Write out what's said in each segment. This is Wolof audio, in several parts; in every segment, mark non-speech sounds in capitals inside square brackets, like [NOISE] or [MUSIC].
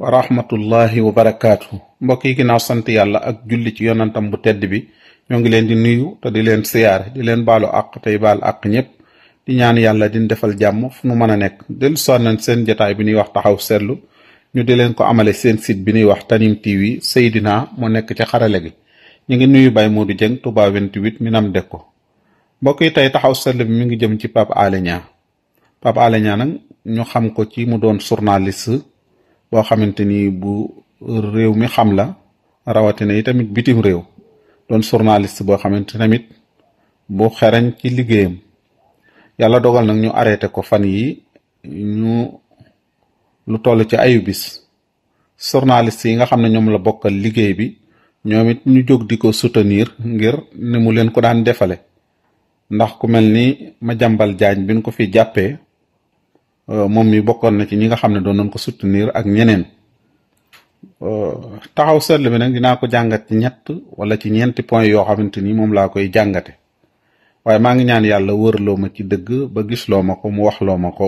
wa rahmatullahi wa barakaatu mbokk yi ginnaaw sant yàlla ak julli ci yonantam bu tedd bi ñoo ngi leen di nuyu te di leen siyaare di leen baalu àq tey baal àq ñëpp di ñaan yàlla din defal jàmm fu nu mën a nekk dellu soon nañ seen jataay bi ñuy wax taxaw seetlu ñu di leen ko amale seen site bi ñuy wax Tanime TV Seydina moo nekk ci xarale gi ñu ngi nuyu Baye Modou Dieng Touba 28 Minam Dekko mbokk yi tey taxaw seetlu bi mi ngi jëm ci Pape Alé Niang Pape ñu xam ko ci mu doon journaliste boo xamante ni bu réew mi xam la rawatina yi tamit bitim réew doon journaliste boo xamante tamit bu xereñ ci liggéeyam yàlla dogal nag ñu arrêté ko fan yi ñu lu toll ci ayu bis journaliste yi nga xam ne ñoom la bokkal liggéey bi ñoom it ñu jóg di ko soutenir ngir ni mu leen ko daan defale ndax ku mel ni ma jàmbal jaañ bi ñu ko fi jàppee Euh, moom mi bokkoon na ci ñi nga xam ne doon nañ ko soutenir ak ñeneen euh, taxaw seetlu bi nag dinaa ko jàngat ñett wala ci ñeenti point yoo xamante ni moom laa koy jàngate waaye maa ngi ñaan yàlla wërloo ma ci dëgg ba gisloo ma ko mu waxloo ma ko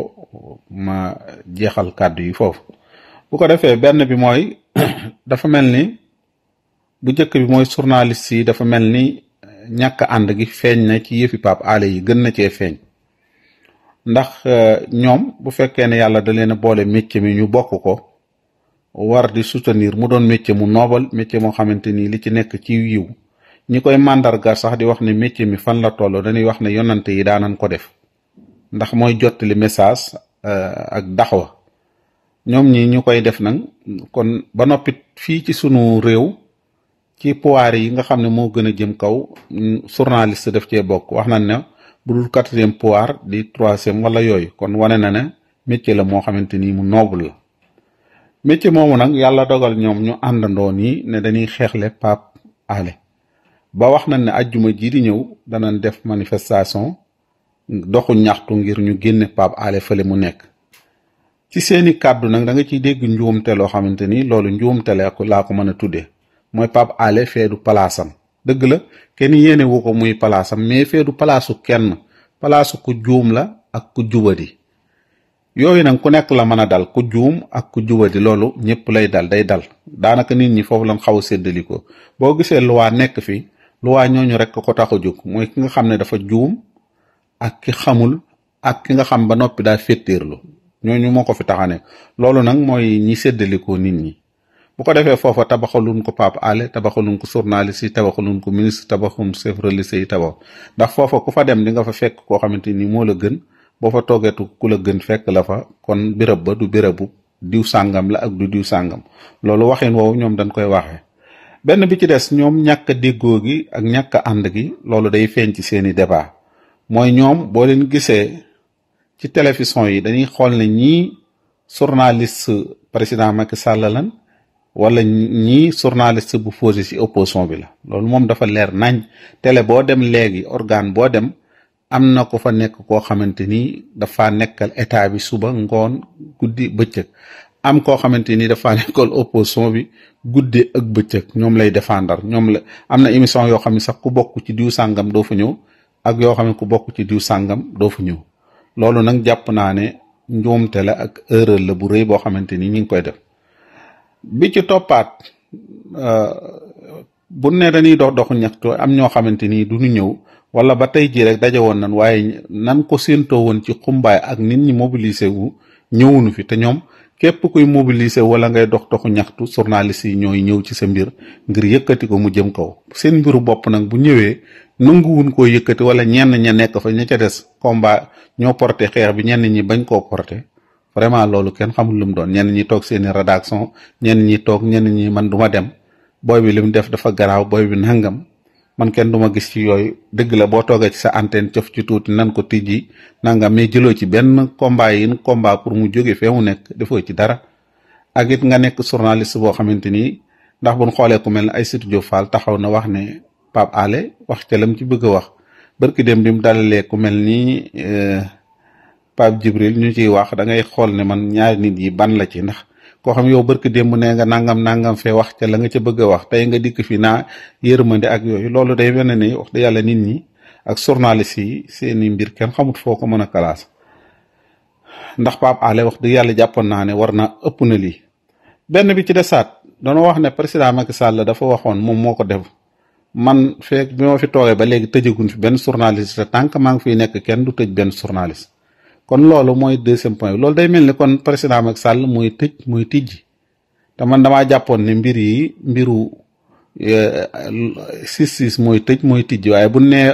ma jeexal kàddu yi foofu bu ko defee benn bi mooy [COUGHS] dafa mel ni bu njëkk bi mooy journaliste yi dafa mel ni ñàkk ànd gi feeñ na ci yëfi Pape Alé yi gën na cee feeñ ndax euh, ñoom bu fekkee ne yàlla da leen boole métier mi ñu bokk ko war di soutenir mu doon métier mu noobal métier moo xamante nii li ci nekk ci yiw ñi koy màndarga sax di wax ne métier mi fan la toll dañuy wax ne yonante yi daanan ko def ndax mooy jottali message euh, ak daxwa ñoom ñi ñu koy def nag kon ba noppit fii ci sunu réew ci pouvoir yi nga xam ne moo gën a jëm kaw journaliste def cee bokk wax na ne bu dul quatrième pouvoir di troisième wala yooyu kon wane na ne métier la moo xamante ni mu noble la métier moomu nag yàlla dogal ñoom ñu àndandoo nii ne dañuy xeexle Pape Alé ba wax nañ ne ajjuma jii di ñëw danañ def manifestation doxu ñaxtu ngir ñu génne Pape Alé fële mu nekk ci seeni kàddu nag danga nga ciy dégg njuumte loo xamante ni loolu njuumte laa ko mën a tuddee mooy Pape Alé feedu palaasam dëgg la kenn yéenewu ko muy palaasam mais fee du palaasu kenn palaasu ku juum la ak ku jubadi yooyu nag ku nekk la mën a dal ku juum ak ku jubadi loolu ñëpp lay dal day dal daanaka nit ñi foofu lañ xaw a séddali ko boo gisee luwaa nekk fi luwaa ñooñu rek ko tax a jóg mooy ki nga xam ne dafa juum ak ki xamul ak ki nga xam ba noppi daa féttéerlu ñooñu moo ko fi tax a nekk loolu nag mooy ñi séddalikoo nit ñi bu ko defee foofa tabaxaluñ ko Pape Alé tabaxaluñ ko journaliste yi tabaxaluñ ko ministre tabaxum chef religieux yi tabax ndax foofa ku fa dem di nga fa fekk koo xamante ni moo la gën boo fa toogeetu ku la gën fekk la fa kon béréb ba du bérébu diw sàngam la ak du diw sàngam loolu waxin woowu ñoom dañ koy waxee benn bi ci des ñoom ñàkk a gi ak ñàkk ànd gi loolu day feeñ ci seeni débat mooy ñoom boo leen gisee ci télévision yi dañuy xool ne ñii journaliste président Macky Sall lan wala ñii journaliste bu posé ci opposition bi la loolu moom dafa leer nañ télé boo dem léegi organe boo dem am na ko fa nekk koo xamante ni dafa nekkal état bi suba ngoon guddi bëccëg am koo xamante ni dafa nekkal opposition bi guddi ak bëccëg ñoom lay défendre ñoom la am na émission yoo xam ne sax ku bokk ci diw sàngam doo fa ñëw ak yoo xam ne ku bokk ci diw sàngam doo fa ñëw loolu nag jàpp naa ne njuumte la ak erreur la bu rëy boo xamante ni ñu ngi koy def bi ci toppaat euh, bu ne dañuy dox doxu ñaxtu am ñoo xamante ni du ñu ñëw wala ba tey jii rek daje woon nan waaye nan ko séentoo woon ci xumbaay ak nit ñi mobiliser wu ñëwunu fi te ñoom képp kuy mobiliser wala ngay dox doxu ñaxtu journaliste yi ñooy ñëw ci sa mbir ngir yëkkati ko mu jëm kaw seen mbiru bopp nag bu ñëwee nanguwun koo yëkkati wala ñenn ña nekk fa ña ca des combat ñoo porté xeex bi ñenn ñi bañ koo porté vraiment loolu kenn xamul lu mu doon ñenn ñi toog seeni rédaction ñenn ñi toog ñenn ñi man du dem booy bi li mu def dafa garaaw booy bi nangam man kenn du ma gis ci yooyu dëgg la boo toogee ci sa antenne cof ci tuuti nan ko tijji nangam mais jëloo ci benn combat yi combat pour mu jóge fee mu nekk defoo ci dara ak nga nekk journaliste boo xamante ni ndax buñ xoolee ku mel ne Aïssatou Diop Fall taxaw na wax ne Pape ale wax ca lam ci bëgg a wax barki dem bi mu dalalee ku mel ni euh, Pape Djibril ñu ciy wax da ngay xool ne man ñaar nit yi ban la ci ndax koo xam yow barki démb nee nga nangam nangam fee wax ca la nga ca bëgg a wax tey nga dikk fi naa yërmande ak yooyu loolu day mel ne wax dëgg yàlla nit ñi ak journaliste yi seeni mbir kenn xamut foo ko mën a classe ndax Pape Alé wax dëgg yàlla jàppoon naa ne war na ëpp na lii. benn bi ci desaat dañoo wax ne président Macky Sall dafa waxoon moom moo ko def man feek bi fi toogee ba léegi tëjaguñ fi benn journaliste te tant maa ngi fiy nekk kenn du tëj benn journaliste. kon loolu mooy deuxième point bi loolu day mel ni kon président Macky sàll mooy tëj mooy tijji te damaa jàppoon ne mbir yi mbiru eh, six mooy tëj mooy tijji waaye bu nee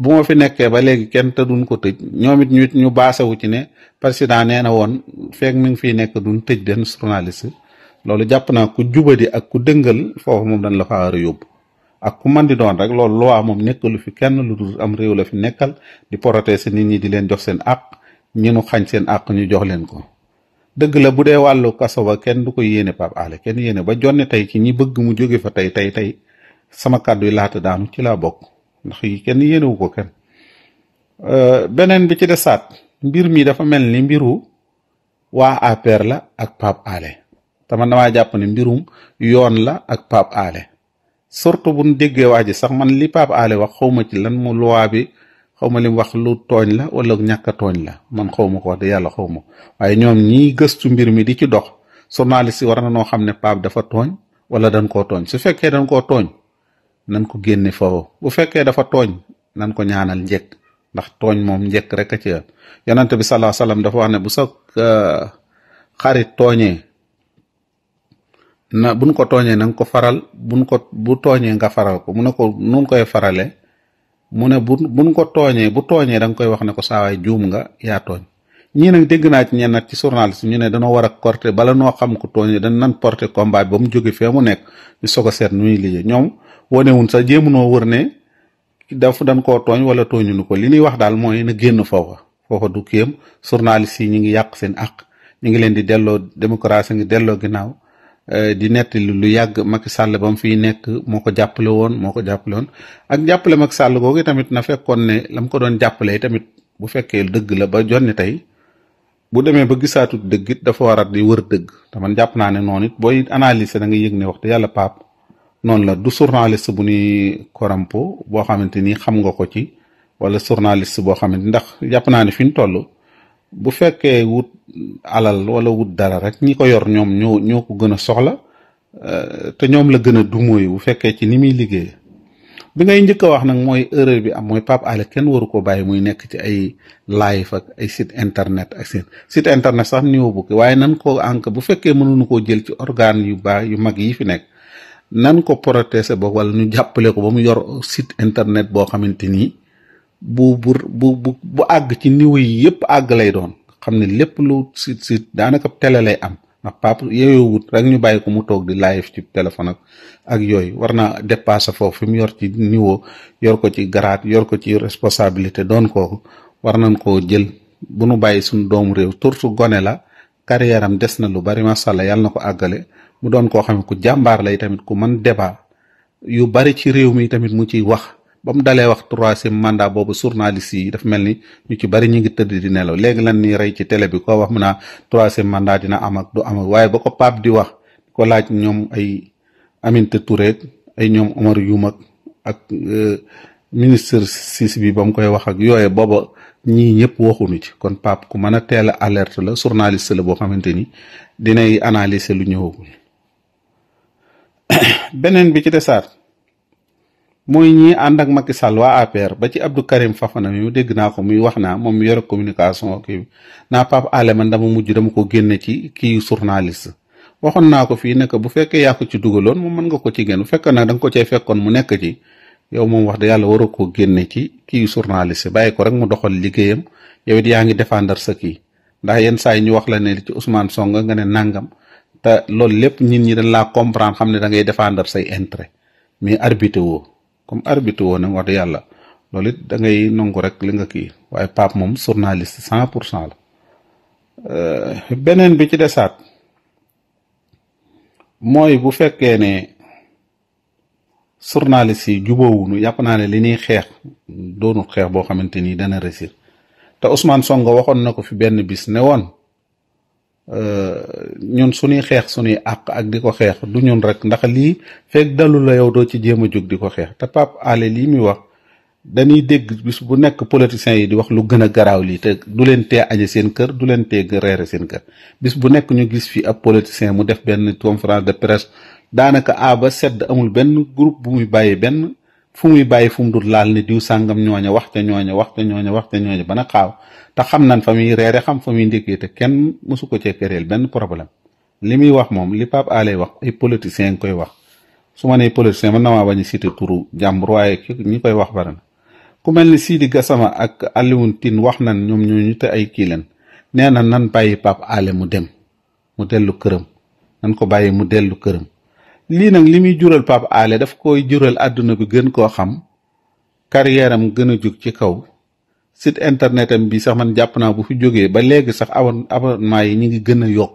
bu ma fi nekkee ba léegi kenn te duñ ko tëj ñoom it ñu ñu baasewu ci ne président nee na woon feek mi fi nekk duñ tëj benn journaliste loolu jàpp naa ku jubadi ak ku dëngal foofu moom dañ la faa war a yóbbu ak ku man di doon rek loolu loi moom nekkalu fi kenn lu dul am réew la fi nekkal di protéger nit ñi di leen jox seen àq ñi nu xañ seen àq ñu jox leen ko dëgg la bu dee wàllu kaso ba kenn du ko yéene Pape Alé kenn yéene ba jonne tey ci ñi bëgg mu jóge fa tey tey tey sama kàddu yi laata daanu ci laa bokk ndax yi kenn yéenewu ko kenn euh, beneen bi ci desaat mbir mi dafa mel ni mbiru waa APR la ak Pape Alé te man damaa jàpp ne mbirum yoon la ak Pape Alé surtout bu ñu déggee waa ji sax man li Pape Alé wax xawma ci lan mu loi bi xaw ma lim wax lu tooñ la wala ñàkk tooñ la man xaw ma ko wax de yàlla xaw ma waaye ñoom ñii gëstu mbir mi di ci dox journaliste yi war na noo xam ne paab dafa tooñ wala dañ koo tooñ su fekkee dañ koo tooñ nan ko génne foofu bu fekkee dafa tooñ nan ko ñaanal njekk ndax tooñ moom njëkk rek a ci yoon yonante bi salaa salaam dafa wax ne bu sa euh, xarit tooñee na buñ ko tooñee na ko faral buñ ko bu tooñee nga faral ko mun ne ko nun koy farale mu ne bu buñ ko tooñee bu tooñee da koy wax ne ko saawaay juum nga yaa tooñ ñii nag dégg naa ci ñenn nag ci journaliste ñu ne danoo war a porter bala noo xam ko tooñee dañ nan porter combat ba mu jóge fee mu nekk ñu soog a seet nu muy liggéey ñoom wanewun sax jéemunoo wër ne daf dañ koo tooñ wala tooñunu ko li ñuy wax daal mooy na génn foofa foofa du kéem journaliste yi ñu ngi yàq seen àq ñu ngi leen di delloo démocratie ngi delloo ginnaaw Eh, di nettali lu yàgg Macky Sall ba fi nekk moo ko jàppale woon moo ko jàppale woon ak jàppale Macky Sall googu tamit na fekkoon ne lam ko doon jàppale tamit bu fekkee dëgg la ba jonni tey bu demee ba gisaatut dëgg it dafa war a di wër dëgg te jàpp naa ne noonu booy analyser da nga yëg ne wax dëgg yàlla paap noonu la du journaliste bu ni korampo boo xamante ni xam nga ko ci wala journaliste boo xamante ndax jàpp naa ne fi ñu toll. bu fekkee wut alal wala wut dara rek ñi ko yor ñoom ñoo ñoo ko gën a soxla euh, te ñoom la gën a dumóoy bu fekkee ci ni muy liggéey bi ngay njëkk a wax nag mooy erreur bi am mooy Pape kenn waru ko bàyyi muy nekk ci ay live ak ay site internet ak seen site internet sax niveau bukki waaye nan ko ànk bu fekkee mënuñu koo jël ci organe yu baax yu mag yi fi nekk nan ko protéger boog wala ñu jàppale ko ba mu yor site internet boo xamante nii bu bu bu bu àgg ci niveau yi yëpp àgg lay doon xam ne lépp lu si si daanaka télé lay am ndax papa yooyowut rek ñu bàyyi ko mu toog di live ci téléphone ak yooyu war naa dépasser foofu fi mu yor ci niveau yor ko ci garaat yor ko ci responsabilité doon kooku war nañ koo jël bu nu bàyyi suñu doomu réew turtu gone la carrière des na lu bari macha allah yàlla na ko àggale mu doon koo xam ne ku jàmbaar lay tamit ku mën débat yu bari ci réew mi tamit mu ci wax ba mu dalee wax troisième mandat boobu journaliste yi daf mel ni ñu ci bari ñu ngi tëdd di nelaw léegi lan ni rey ci télé bi ko wax mu naa troisième mandat dina am ak du am waaye boo ko Pape di wax ko laaj ñoom ay Aminata Touré ay ñoom Omar Youm ak ak euh, ministre Cissé bi ba mu koy wax ak yooye booba ñii ñëpp waxuñu ci kon Pape ku mën a teel a alerte la journaliste la boo xamante ni dinay analyser lu ñëwagul [COUGHS] beneen bi ci desaat mooy ñi ànd ak Macky Sall waa APR ba ci Abdou Karim Fafana mi dégg naa ko muy wax naa moom mu yore communication kii naa Pape Alé man dama mujj dama ko génne ci kii journaliste waxoon naa ko fii ne bu fekkee yaa ko ci dugaloon moom mën nga ko ci génn bu fekkee nag da ko cay fekkoon mu nekk ci yow moom wax dëgg yàlla waroo ko génne ci kii journaliste bàyyi ko rek mu doxal liggéeyam yow it yaa ngi défendre sa kii ndax yenn saa yi ñu wax la ne ci Ousmane Sonko nga ne nangam te loolu lépp nit ñi dañ laa comprendre xam ne da ngay défendre say intérêt mais comme arbitre woon nag wax dëgg yàlla loolu it da ngay nangu rek li nga kii waaye Pape moom journaliste cent pour cent la euh, beneen bi ci desaat mooy bu fekkee ne journaliste yi jubóowuñu yàpp naa ne li ñuy xeex doonul xeex boo xamante nii dana réussir te Ousmane Sonko waxoon na ko fi benn bis ne woon Euh, ñun suñuy xeex suñuy àq ak di ko xeex du ñun rek ndax lii fekk dalu yow doo ci jéem a jóg di ko xeex te Pape Alé lii muy wax dañuy dégg bis bu nekk politiciens yi di wax lu gën a garaaw lii te du leen tee aje seen kër du leen tee reere seen kër bis bu nekk ñu gis fii ab politicien mu def benn conférence de presse daanaka A ba sedd amul benn groupe bu muy bàyyi benn fu muy bàyyi fu mu laal ne diw sàngam ñooña wax te ñooña wax te ñooña wax te ñooña bana xaaw te xam nan fa muy reere xam fa muy ndékkee te kenn mësu ko cee këreel benn problème li muy wax moom li Pape Alé wax ay politiciens ngi koy wax su ma nee politicien mën na maa bañ a cité turu jàmbur waaye ñi koy wax bare ku mel ni Sidi Gassama ak Alioune Tine wax nan ñoom ñooñu te ay kii leen nee na nan bàyyi Pape Alé mu dem mu dellu këram nan ko bàyyi mu dellu këram lii nag li muy jural Pape Alé daf koy jural àdduna bi gën koo xam carrière am gën a jóg ci kaw sit internetam bi sax man jàpp naa bu fi jógee ba léegi sax abon abonnement yi ñu ngi gën a yokk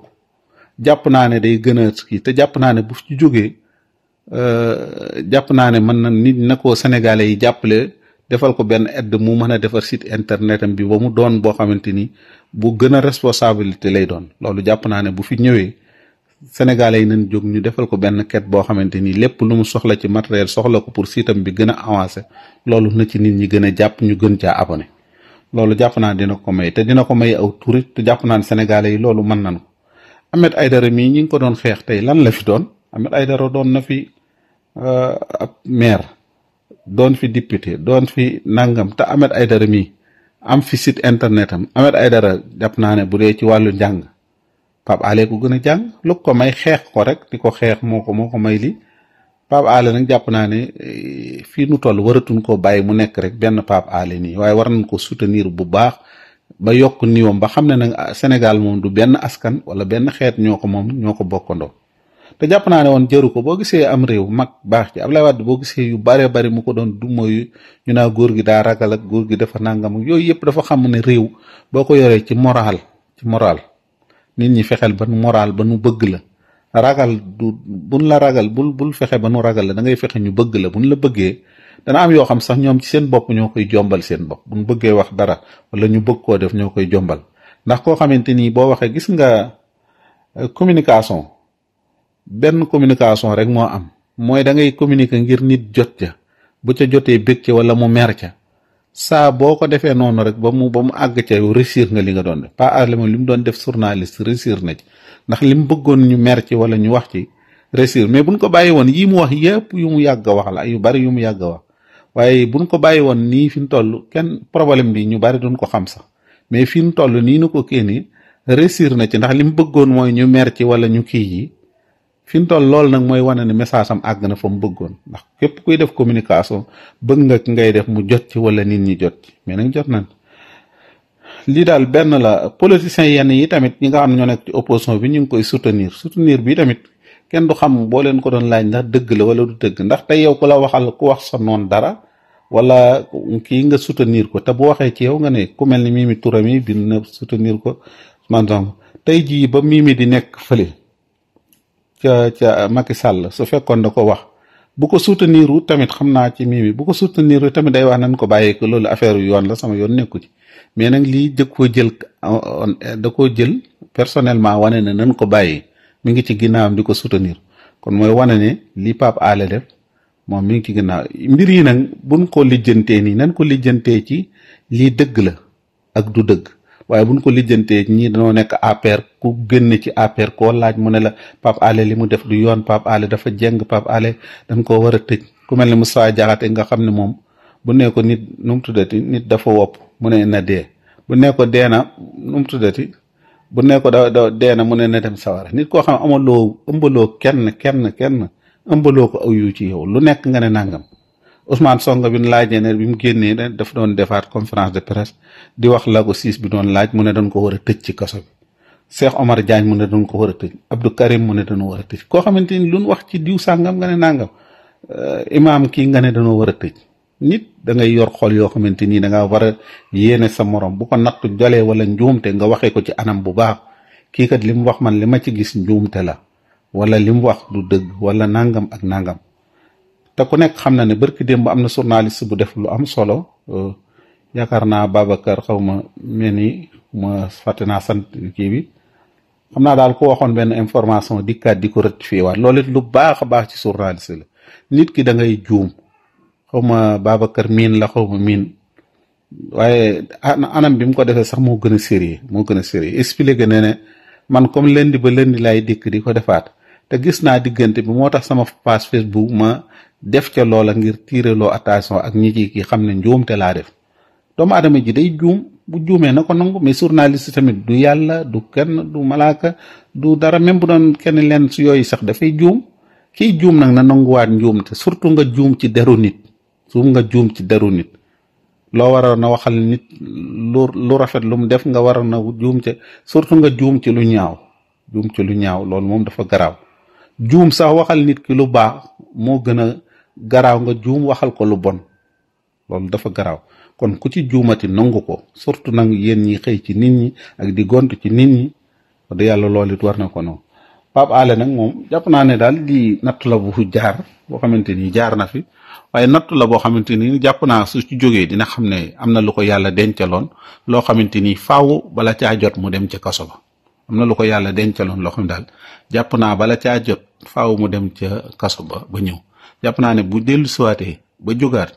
jàpp naa ne day gën a kii te jàpp naa ne bu fi jógee euh, jàpp naa ne mën na nit na ko sénégalais yi jàppale defal ko benn aide mu mën a defar site internet bi ba mu doon boo xamante ni bu gën a responsabilité lay doon loolu jàpp naa ne bu fi ñëwee sénégalais yi nañ jóg ñu defal ko benn quête boo xamante ni lépp lu mu soxla ci matériel soxla ko pour siitam bi gën a avancé loolu na ci nit ñi gën a jàpp ñu gën caa abonné loolu jàpp naa dina ko may te dina ko may aw turit te jàpp naan ne sénégalais yi loolu mën nañ ko Ahmed Aidara mii ñi ngi ko doon xeex tey lan la fi doon Ahmed Aidara doon na fi euh, ab maire doon fi député doon fi nangam te Ahmed Aidara mii am fi site internet am Ahmed Aidara jàpp naa ne bu dee ci wàllu njàng Pape Alé ko gën a jàng lu ko may xeex ko rek di ko xeex moo ko moo ko may li Pape Alé nag jàpp naa ne eh, fii nu toll waratuñ koo bàyyi mu nekk rek benn Pape Alé nii waaye war nañ ko soutenir bu baax ba yokk niwam ba xam ne nag ah, Sénégal moom du benn askan wala benn xeet ñoo ko moom ñoo ko bokkandoo te jàpp naa ne woon jëru ko boo gisee am réew mag baax ci Ablaye Wade boo gisee yu bare bari mu ko doon dummo yu ñu naa góor gi daa ragal ak góor gi dafa nangam yooyu yëpp dafa xam ne réew boo ko yoree ci moral ci moral nit ñi fexeel ba nu moral ba nu bëgg la ragal bu buñ la ragal bul bul fexe ba nu ragal la dangay fexe ñu bëgg la buñ la bëggee dana am yoo xam sax ñoom ci seen bopp ñoo koy jombal seen bopp buñ bëggee wax dara wala ñu bëgg koo def ñoo koy jombal ndax koo xamante ni boo waxee gis nga euh, communication benn communication rek moo am mooy da ngay communiquer ngir nit jot ca bu ca jotee bëgg ca wala mu mer ca saa boo ko defee noonu rek ba mu ba mu àgg ca yow réussir nga li nga doon def par àlema li mu doon def journaliste réussir na ci ndax li mu bëggoon ñu mer ci wala ñu wax ci réussir mais buñ ko bàyyi woon yii mu wax yëpp yu mu yàgg a wax la yu bari yu mu yàgg a wax waaye buñ ko bàyyi woon nii fi mu toll kenn problème bi ñu bari duñ ko xam sax mais fi mu toll nii nu ko kii nii réussir na ci ndax li mu bëggoon mooy ñu mer ci wala ñu kii yi fi mu toll loolu nag mooy wane ne message am àgg na fa mu bëggoon ndax képp kuy def communication bëgg nga ki ngay def mu jot ci wala nit ñi jot ci mais nag jot nañ lii daal benn la politiciens yenn yi tamit ñi nga xam ñoo nekk ci opposition bi ñu ngi koy soutenir soutenir bi tamit kenn du xam boo leen ko doon laaj ndax dëgg la wala du dëgg ndax tey yow ku la waxal wax sa noon dara wala kii nga soutenir ko te bu waxee ci yow nga ne ku mel ni Mimi Touré mi bind na soutenir ko man tey jii ba Mimi di nekk fële. ca ca Macky Sall su fekkoon da ko wax bu ko soutenir tamit xam naa ci mii mi bu ko soutenir tamit day wax nañ ko bàyyi ko loolu affaire yu yoon la sama yoon nekku ci mais nag lii da jël da koo jël personnellement wane ne nañ ko bàyyi mi ngi ci ginnaawam di ko soutenir kon mooy wane ne lii Pape Alé def moom mi ngi ci ginnaaw mbir yi nag buñ ko lijjantee nii nañ ko lijjantee ci lii dëgg la ak du dëgg waaye buñ ko lijjantee ñii dañoo nekk APR ku génn ci APR koo laaj mu ne la Pape Alé li mu def du yoon Pape Alé dafa jeng Pape Alé dañ koo war a tëj ku mel ni mu saa Diakhaté nga xam ne moom bu nee nit nu mu tuddati nit dafa wopp mu ne na dee bu nekk ko dee na nu mu tuddati bu nekk ko da da dee na mu ne na dem sawara nit koo xam amaloo ëmbaloo kenn kenn kenn ëmbaloo ko aw yu ci yow lu nekk nga ne nangam Ousmane Sonko bi ñu laajee ne bi mu génnee ne daf doon defaat conférence de presse di wax Lagos 6 bi doon laaj mu ne dañ ko war a tëj ci kaso bi Cheikh Omar Diagne mu ne dañ ko war a tëj Abdou Karim mu ne dañoo war a tëj koo xamante ni lu ñu wax ci diw sàngam nga ne nàngam euh, imaam kii nga ne dañoo war a tëj nit da ngay yor xol yoo xamante nii da ngaa war a yéene sa moroom bu ko nattu jolee wala njuumte nga waxee ko ci anam bu baax kii kat li mu wax man li ma ci gis njuumte la wala li mu wax du dëgg wala nangam ak nangam. te ku nekk xam na ne barki démb am na journaliste bu def lu am solo euh, yaakaar naa Babacar xaw ma mel ni ma fàtte naa sant kii bi xam naa daal ku waxoon benn information dikkaat di ko rectifié fiiwaat loolu lu baax a baax ci journaliste la nit ki da ngay juum xawma ma miin la xaw ma miin waaye anam bi mu ko defee sax moo gën a sérieux moo gën a sérieux expliqué ne ne man comme lundi ba lundi laay dikk di ko defaat te gis naa diggante bi moo tax sama page Facebook ma def ca loola ngir tiireloo attention ak ñi ci ki xam ne te laa def doomu adama ji day juum bu juumee na ko nangu mais journaliste tamit du yàlla du kenn du malaaka du dara même bu doon kenn leen su yooyu sax dafay juum kiy juum nag na nanguwaat njuumte surtout nga juum ci deru nit suum nga juum ci deru nit loo waroon a waxal nit lu lu rafet lu mu def nga waroon a juum ca surtout nga juum ci lu ñaaw ci lu ñaaw loolu moom dafa garaaw juum sax waxal nit ki lu baax moo gën garaaw nga juum waxal ko lu bon loolu dafa garaaw kon ku ci juumati nangu ko surtout nag yéen ñi xëy ci nit ñi ak di gont ci nit ñi wax yàlla loolu it war na ko noonu Pape nag moom jàpp naa ne daal lii nattu la bu jaar boo xamante ni jaar na fi waaye nattu la boo xamante ni jàpp naa su ci jógee dina xam ne am na lu ko yàlla dencaloon loo xamante ni faaw bala caa jot mu dem ca kaso ba am na lu ko yàlla dencaloon loo xam ne daal jàpp naa bala caa jot faaw mu dem ca kaso ba ba ñëw. jàpp naa ne bu dellu siwaatee ba jógaat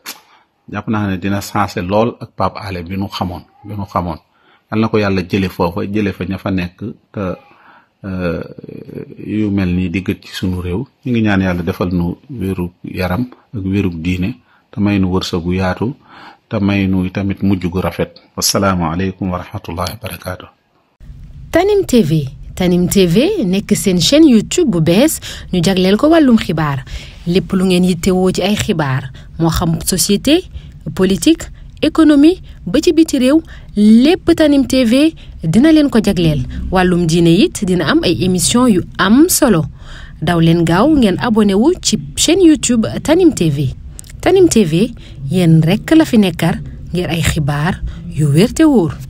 jàpp naa ne dina sensé lool ak Pape bi nu xamoon bi nu xamoon yal na ko yàlla jële foofa jële fa ña fa nekk te eh, yu mel nii di gët ci sunu réew ñu ngi ñaan yàlla defal nu wérug yaram ak wérug diine te may nu wërsëgu yaatu te may nu tamit mujj gu rafet wasalaamaaleykum wa rahmatullahi barakaatu. Tanim TV nekk seen chaîne YouTube bu bees ñu jagleel ko wàllum xibaar lépp lu ngeen yittewoo ci ay xibaar moo xam société politique économie ba ci biti réew lépp Tanim dina leen ko jagleel wàllum diine it dina am ay émission yu am solo daw leen gaaw ngeen abonné wu ci chaîne YouTube Tanim TV Tanim TV yéen rekk la fi nekkar ngir ay xibaar yu wér te wóor